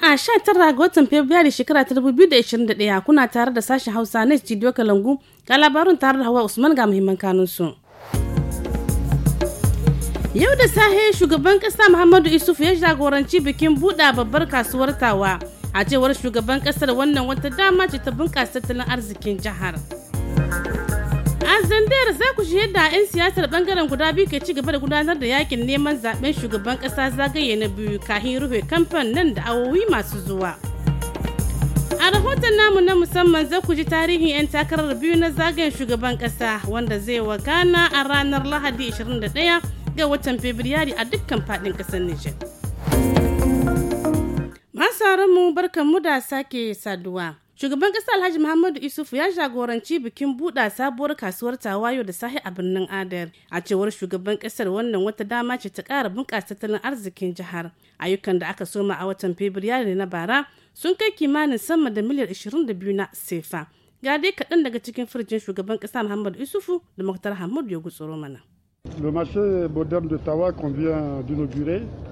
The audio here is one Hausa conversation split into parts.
sha 19 ga watan Fabrairu shekara ta 2021 kuna tare da sashen Hausa na Studio Kalangu ga labarin tare da Hawa Usman ga muhimman kanunsu. Yau da sahe shugaban kasa Muhammadu Isuf ya jagoranci bikin buɗa babbar kasuwar tawa a cewar shugaban kasar wannan wata dama ce ta bunƙasa tattalin arzikin jihar. zandar za ku ji yadda 'yan siyasar bangaren guda biyu ke ci gaba da gudanar da yakin neman zaben shugaban kasa zagaye na biyu kahin rufe kamfan nan da awowi masu zuwa. A rahoton namu na musamman za ku ji tarihin 'yan takarar biyu na zagayen shugaban kasa wanda zai wakana a ranar Lahadi 21 ga watan Fabrairu a dukkan fadin kasar Nijar. Masu mu barkan mu da sake saduwa. shugaban ƙasa alhaji muhammadu isufu ya jagoranci bikin buɗa sabuwar kasuwar tawayo da sahi a birnin adar a cewar shugaban ƙasar wannan wata dama ce ta ƙara bunƙasa tattalin arzikin jihar ayyukan da aka soma a watan fabrairu na bara sun kai kimanin sama da miliyar 22 na sefa ga dai kaɗan daga cikin firjin shugaban ƙasa muhammadu isufu da muktar hamadu ya gutsuro mana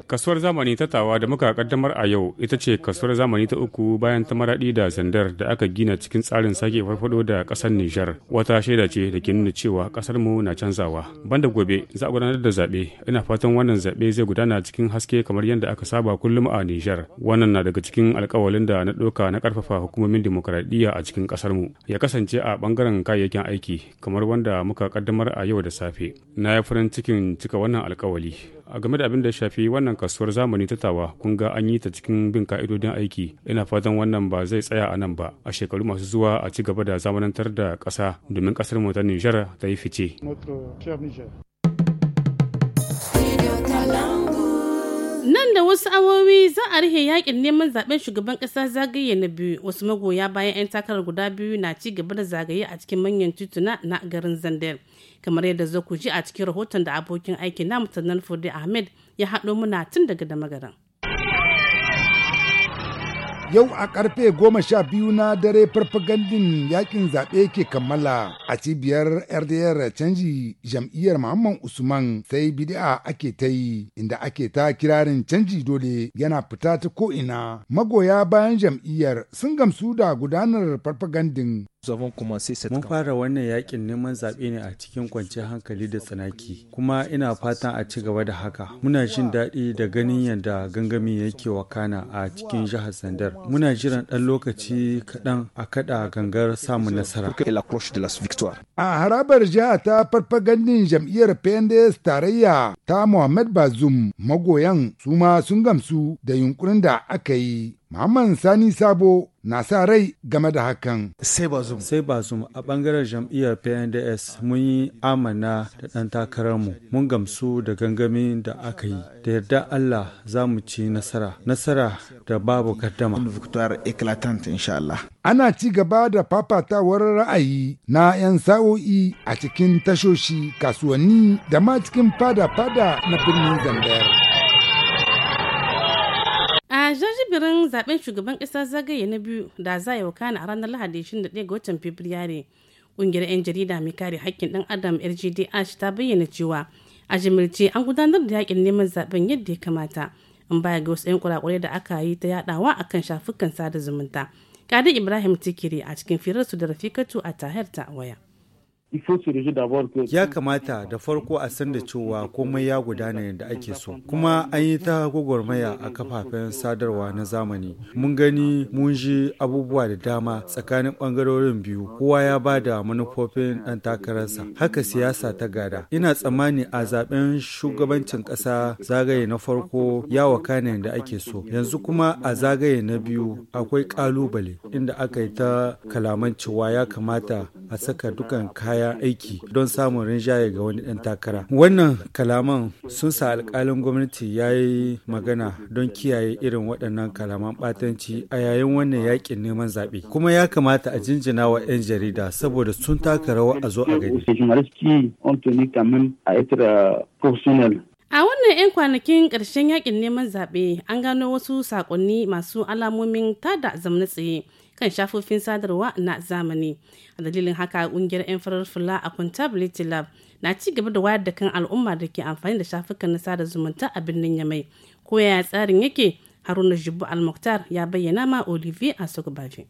Kasuwar zamani ta tawa da muka kaddamar a yau ita ce kasuwar zamani ta uku bayan ta maraɗi da zandar da aka gina cikin tsarin sake farfado da ƙasar Nijar. Wata shaida ce da ke nuna cewa ƙasar mu na canzawa. Banda gobe za a gudanar da zaɓe. Ina fatan wannan zaɓe zai gudana cikin haske kamar yadda aka saba kullum a Nijar. Wannan na daga cikin alƙawalin da na ɗauka na ƙarfafa hukumomin dimokuraɗiyya a cikin ƙasar mu. Ya kasance a ɓangaren kayayyakin aiki kamar wanda muka kaddamar a yau da safe. Na yi farin cikin cika wannan alkawali a game da abin da shafi wannan kasuwar zamani ta tawa kun ga an yi ta cikin bin ka'idodin aiki ina fatan wannan ba zai tsaya a nan ba a shekaru masu zuwa a ci gaba da zamanantar da ƙasa domin ƙasar mu ta nijar ta yi fice Nan da wasu awowi za a rufe yakin neman zaben shugaban kasa zagaye na biyu wasu magoya bayan 'yan takarar guda biyu na ci gaba da zagaye a cikin manyan tituna na garin zandal Kamar yadda za ku ji a cikin rahoton da abokin aiki na mutanen Fode Ahmed ya haɗo muna tun daga da magaran. Yau a karfe goma sha biyu na dare farfagandin yakin zaɓe ke kammala a cibiyar RDR canji jam'iyyar Muhammad Usman sai bid'a ake ta yi inda ake ta kirarin canji dole yana fita ta ko'ina. Magoya bayan jam'iyyar sun gamsu da gudanar farfagandin Mun fara wannan yakin neman zaɓe ne a cikin kwanciyar hankali da tsanaki, kuma ina fatan a ci gaba da haka. Muna jin daɗi da ganin yadda gangami yake wakana a cikin jihar Sandar. Muna jiran ɗan lokaci kaɗan a kaɗa gangar samun nasara. A harabar jiha ta farfagandin jam'iyyar PNDS tarayya ta Muhammad Bazum magoyan su ma sun gamsu da yunkurin da aka yi. Muhammad Sani Sabo na sa rai game da hakan. Sai ba zum. Sai ba zum a bangaren jam'iyyar PNDS mun yi amana da ɗan mu mun gamsu da gangamin da aka yi da yarda Allah za mu ci nasara nasara da babu kaddama. Ana ci gaba da fafatawar ra'ayi na 'yan sa'o'i a cikin tashoshi kasuwanni da ma cikin fada-fada na birnin Zandayar. jajibirin zaben shugaban kasa zagaye na biyu da za yi wakana a ranar lahadi 21 ga watan fabrairu kungiyar 'yan jarida mai kare hakkin dan adam rgdh ta bayyana cewa a jimirce an gudanar da yakin neman zaben yadda ya kamata in baya ga wasu 'yan kurakurai da aka yi ta yadawa akan shafukan sada zumunta kadin ibrahim tikiri a cikin firarsu da rafikatu a tahar ta waya Ya kamata da farko a san da cewa komai ya gudana yadda ake so. Kuma an yi ta gwagwarmaya a kafafen sadarwa na zamani. Mun gani mun ji abubuwa da dama tsakanin bangarorin biyu. Kowa ya ba da manufofin ɗan takararsa. Haka siyasa ta gada. Ina tsammani a zaben shugabancin ƙasa zagaye na farko ya wakana yadda ake so. Yanzu kuma a zagaye na biyu akwai ƙalubale inda aka yi ta kalaman cewa ya kamata a saka dukan kayan kayan aiki don samun rinjaye ga wani ɗan takara. Wannan kalaman sun sa alƙalin gwamnati ya yi magana don kiyaye irin waɗannan kalaman batanci a yayin wannan yaƙin neman zaɓe. Kuma ya kamata a jinjina wa 'yan jarida saboda sun taka rawa a zo a gani. Euh, a wannan 'yan kwanakin ƙarshen yakin neman zaɓe an gano wasu saƙonni masu alamomin tada zamna tsaye kan shafofin sadarwa na zamani a dalilin haka kungiyar 'yan farar fula a contability lab na ci gaba da wayar da kan al'umma da ke amfani da shafukan na sada zumunta a birnin yamai ko yaya tsarin yake haruna jibu al ya bayyana ma olivier a sogbavi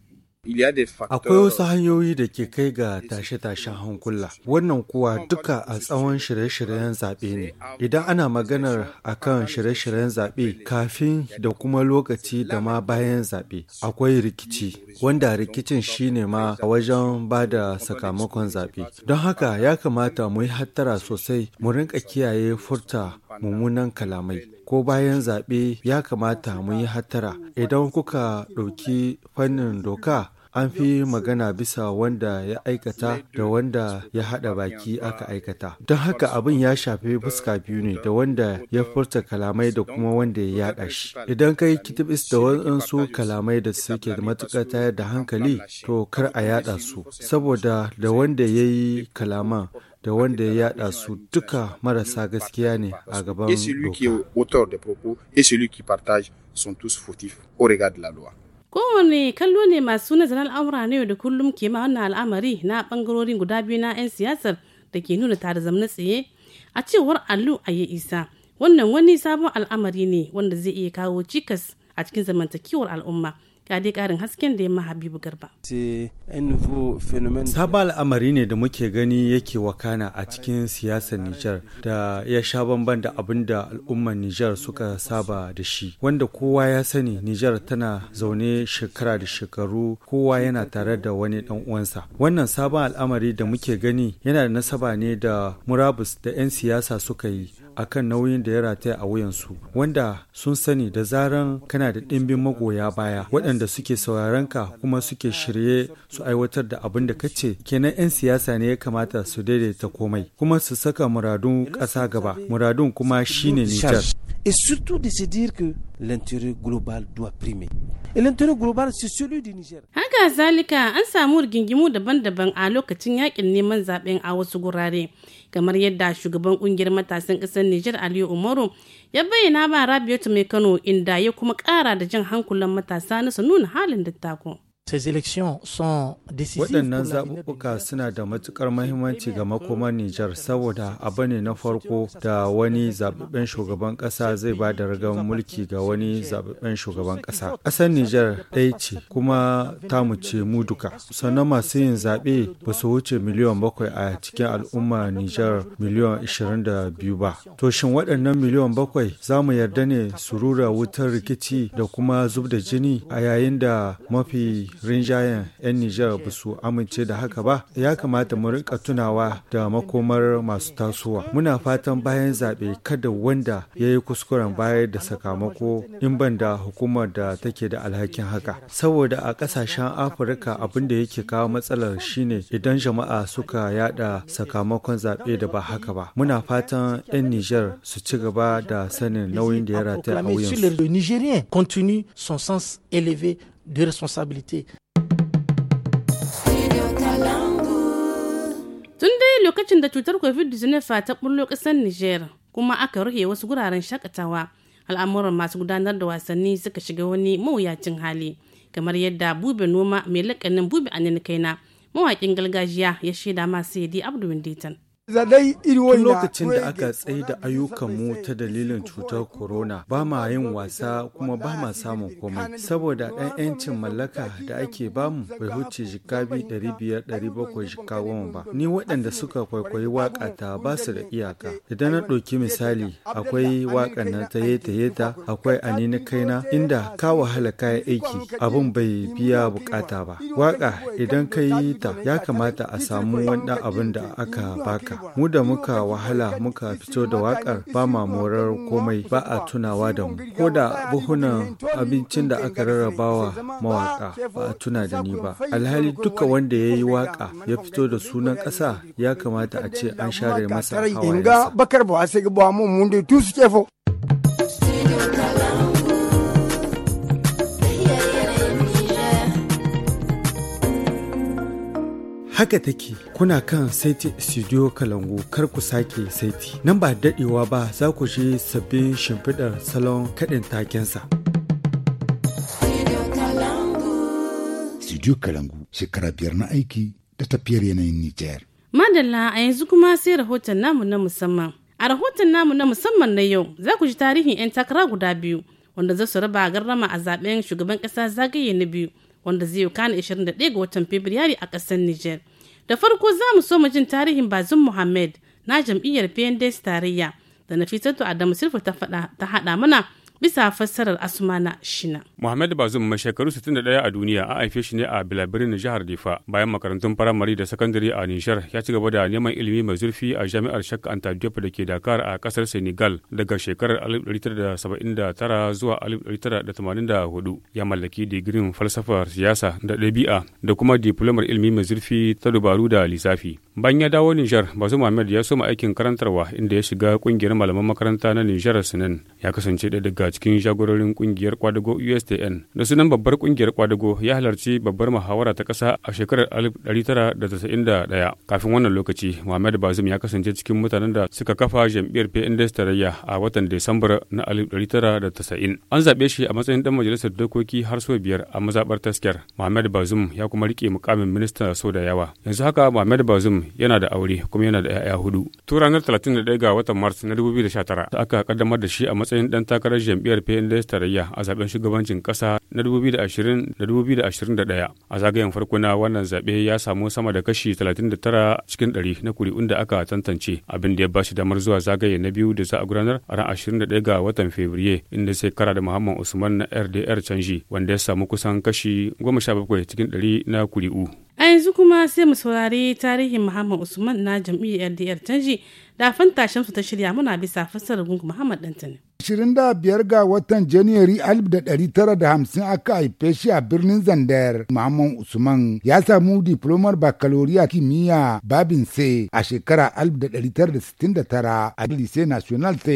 Akwai wasu hanyoyi da ke kai ga tashe-tashen hankula. Wannan kuwa duka a tsawon shirye-shiryen zaɓe ne. Idan ana maganar a kan shirye-shiryen zaɓe kafin da kuma lokaci da ma bayan zaɓe, akwai rikici, wanda rikicin shine ma a wajen ba da sakamakon zaɓe. Don haka ya kamata mu yi hattara sosai mu rinka kiyaye furta mummunan kalamai. ko bayan zaɓe ya kamata mu yi hattara idan kuka ɗauki fannin doka an fi magana bisa wanda ya aikata da wanda ya haɗa baki aka aikata don haka abin ya shafi fuska biyu ne da wanda ya furta kalamai da kuma wanda ya yaɗa shi idan kai kitibis da waɗansu kalamai da suke da matuƙar tayar da hankali to kar a yaɗa su saboda da wanda ya yi kalaman da wanda ya yada su duka marasa gaskiya ne a gaban doka. kowane kallo ne masu nazarin al'amura na yau da kullum ke ma wannan al'amari na bangarorin guda biyu na 'yan siyasar da ke nuna tare zamna tsaye a cewar allu a ya isa wannan wani sabon al'amari ne wanda zai iya kawo cikas a cikin zamantakewar al'umma ga dai karin hasken da yamma habibu garba sabon al'amari ne da muke gani yake wakana a cikin siyasar nijar da ya sha bamban da abin da al'ummar nijar suka saba da shi wanda kowa ya sani nijar tana zaune shekara da shekaru kowa yana tare da wani dan uwansa wannan sabon al'amari da muke gani yana da nasaba ne da murabus da 'yan siyasa suka yi akan nauyin da ya rataya a wuyansu wanda sun sani da zaran kana da ɗimbin magoya baya waɗanda suke sauraron ka kuma suke shirye su aiwatar da abin da kace kenan 'yan siyasa ne ya kamata su daidaita komai kuma su saka muradun ƙasa gaba muradun kuma shine Nijar. et surtout de se dire que l'intérêt global doit primer. Et l'intérêt global c'est celui du Niger. Haka zalika an samu rigingimu daban-daban a lokacin yakin neman zaben a wasu gurare. kamar yadda shugaban kungiyar matasan ƙasar Nijar Aliyu Umaru ya bayyana ba Rabiatu mai Kano inda ya kuma ƙara da jan hankulan matasa na sanuna nuna halin dattako. Waɗannan zaɓuɓɓuka suna da matuƙar mahimmanci ga makoman Nijar saboda abu ne na farko da wani zaɓuɓɓen shugaban ƙasa zai ba da ragar mulki ga wani zaɓuɓɓen shugaban ƙasa. Ƙasar Nijar ɗaya ce kuma ta ce mu duka. Sannan masu yin zaɓe ba su wuce miliyan bakwai a cikin al'umma Nijar miliyan ishirin da biyu ba. To shin waɗannan miliyan bakwai za mu yarda ne su rura wutar rikici da kuma zub da jini a yayin da mafi rinjayen 'yan Nijar ba su amince da haka ba, ya kamata mu rika tunawa da makomar masu tasowa. Muna fatan bayan zaɓe kada wanda ya yi kuskuren bayar da sakamako in ban da hukumar da take da alhakin haka. Saboda a ƙasashen Afirka abin da yake kawo matsalar shine idan jama'a suka yada sakamakon zaɓe da ba haka ba. Muna fatan 'yan Nijar su ci gaba da sanin nauyin da ya rataya a wuyansu. son de responsabilité. Tun dai lokacin da cutar COVID-19 ta bullo ƙasar Nijar kuma aka rufe wasu guraren shakatawa, al'amuran masu gudanar da wasanni suka shiga wani mawuyacin hali, kamar yadda bube noma mai lakanin bube a kaina mawaƙin gargajiya ya shaida masu yadi Abdu Tun lokacin da aka tsaye da ayyukan mu ta dalilin cutar corona ba ma yin wasa kuma ba ma samun komai saboda ɗan 'yancin mallaka da ake bamu bai huce jika biyar ɗari bakwai goma ba. Ni waɗanda suka kwaikwayi waƙa ta ba su da iyaka. Eh, idan na ɗauki misali akwai waƙa na ta yeta akwai anini kaina inda ka wahala kayan aiki abin bai biya bukata ba. Waƙa idan ka yi ta ya kamata a samu wani abin da aka baka. mu da muka wahala muka fito da wakar ba ma komai ba a tunawa da mu ko da buhunan abincin da aka rarrabawa mawaka ba a tuna da ni ba alhali duka wanda ya yi waka ya fito da sunan ƙasa ya kamata a ce an share masa hawayensa haka take kuna kan saiti studio kalangu kar ku sake saiti nan ba dadewa ba za ku shi sabbin shimfiɗar salon kaɗin takensa. Studio Kalangu shekara biyar na aiki da tafiyar yanayin Nijar. Madalla a yanzu kuma sai rahoton namu na musamman. A rahoton namu na musamman na yau za ku ji tarihin 'yan takara guda biyu wanda za su raba garrama a zaben shugaban ƙasa zagaye na biyu wanda zai yi kana 21 ga watan Fabrairu a ƙasar Nijar. Da farko za mu so mu jin tarihin Bazum Muhammad na jam'iyyar PNDS tarayya da Nafisatu Adamu Sirfa ta ta haɗa mana bisa fassarar asumana shina. Muhammad Bazum mai shekaru 61 a duniya a haife shi ne a Bilabirin jihar Difa bayan makarantun firamare da sakandare a Nishar ya ci gaba da neman ilimi mai zurfi a jami'ar Shak Anta da ke Dakar a kasar Senegal daga shekarar 1979 zuwa 1984 ya mallaki digirin falsafar siyasa da ɗabi'a da kuma diplomar ilimi mai zurfi ta dubaru da lissafi. Bayan ya dawo Nijar, Bazu Muhammad ya soma aikin karantarwa inda ya shiga kungiyar malaman makaranta na Nijar Sinan ya kasance ɗaya daga a cikin jagororin kungiyar kwadago USTN. Da sunan babbar kungiyar kwadago ya halarci babbar muhawara ta ƙasa a shekarar 1991. Kafin wannan lokaci, Muhammad Bazum ya kasance cikin mutanen da suka kafa jam'iyyar PNDS tarayya a watan Desambar na 1990. An zaɓe shi a matsayin dan majalisar dokoki har sau biyar a mazaɓar taskiyar. Muhammad Bazum ya kuma rike mukamin minista sau da yawa. Yanzu haka Muhammad Bazum yana da aure kuma yana da 'ya'ya hudu. Tun ranar 31 ga watan Mars na 2019 aka kaddamar da shi a matsayin dan takarar jam'iyyar PNDS tarayya a zaben shugabancin ƙasa na 2020-2021. A zagayen farko na wannan zaɓe ya samu sama da kashi 39 cikin 100 na kuri'un da aka tantance abin da ya bashi damar zuwa zagaye na biyu da za a gudanar a ran 21 ga watan Fabriye inda sai kara da Muhammad Usman na RDR canji wanda ya samu kusan kashi 17 cikin 100 na kuri'u. A yanzu kuma sai mu saurari tarihin Muhammad Usman na jam'iyyar LDR canji da fanta shamsu ta shirya muna bisa fassarar gungun Muhammad Dantani. 25 ga watan Janairu 1950 aka haife shi a birnin Zandar Muhammad Usman ya samu diplomar bakaloriya kimiyya babin C a shekara 1969 a Lycée National ta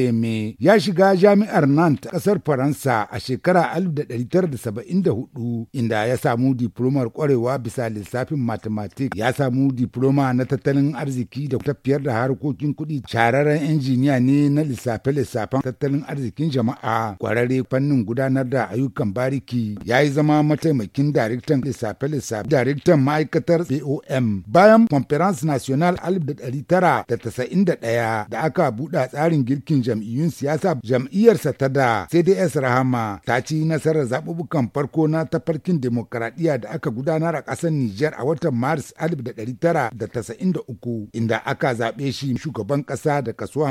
Ya shiga jami'ar Nantes kasar Faransa a shekara 1974 inda ya samu diplomar kwarewa bisa lissafin mathematics ya samu diploma na tattalin arziki da tafiyar da harkokin kuɗi. Shararren injiniya ne na lissafe-lissafen tattalin arzikin jama'a kwararre fannin gudanar da ayyukan bariki ya yi zama mataimakin daraktan lissafe-lissafe daraktan ma'aikatar BOM bayan Conference National 1991 da aka buɗa tsarin girkin jam'iyyun siyasa jam'iyyarsa ta da CDS Rahama ta ci nasarar zaɓuɓɓukan farko na tafarkin demokaradiyya da aka gudanar a ƙasar Nijar a watan Maris 1993 inda aka zaɓe shi shugaban ƙasa da kaso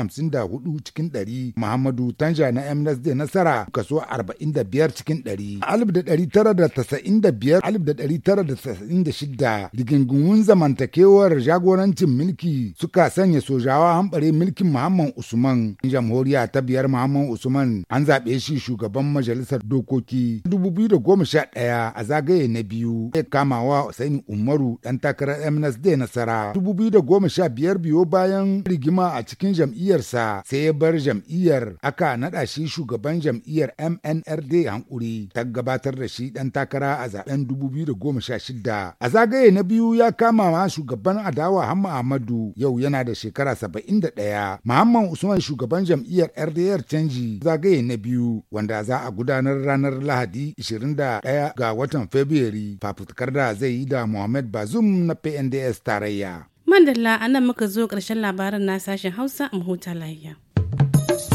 hudu cikin ɗari Muhammadu Tan Danja na MNSD nasara kaso 45 cikin 100. 1995 1996 rigingimun zamantakewar jagorancin mulki suka sanya sojawa hambare mulkin Muhammad Usman. Jamhuriya ta biyar Muhammad Usman an zaɓe shi shugaban majalisar dokoki 2011 a zagaye na biyu ya kama wa Usaini Umaru ɗan takarar MNSD nasara. 2015 biyo bayan rigima a cikin jam'iyyarsa sai ya bar jam'iyyar aka naɗa shi shugaban jam'iyyar MNRD hankuri ta gabatar da shi ɗan takara a zaben 2016. A zagaye na biyu ya kama ma shugaban adawa Hamma Ahmadu yau yana da shekara 71. Muhammad Usman shugaban jam'iyyar RDR canji zagaye na biyu wanda za a gudanar ranar Lahadi 21 ga watan Fabrairu fafutukar da zai yi da Mohamed Bazoum na PNDS tarayya. Mandalla a muka zo ƙarshen labarin na sashen Hausa a huta lafiya.